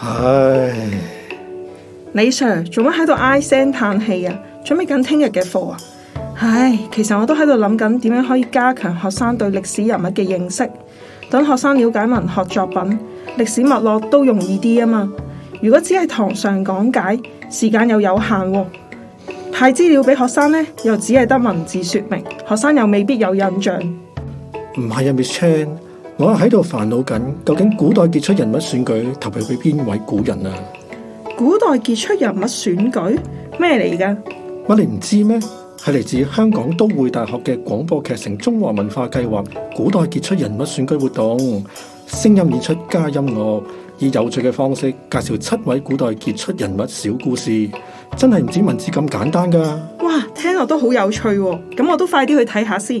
唉，李 Sir 做乜喺度唉聲嘆氣啊？準備緊聽日嘅課啊？唉，其實我都喺度諗緊點樣可以加強學生對歷史人物嘅認識，等學生了解文學作品、歷史脈絡都容易啲啊嘛。如果只係堂上講解，時間又有限啊，派資料俾學生呢，又只係得文字說明，學生又未必有印象。唔係啊，Miss Chan。我喺度煩惱緊，究竟古代傑出人物選舉投票俾邊位古人啊？古代傑出人物選舉咩嚟噶？乜你唔知咩？係嚟自香港都會大學嘅廣播劇城中華文化計劃古代傑出人物選舉活動，聲音演出加音樂，以有趣嘅方式介紹七位古代傑出人物小故事，真係唔止文字咁簡單噶！哇，聽落都好有趣喎，咁我都快啲去睇下先。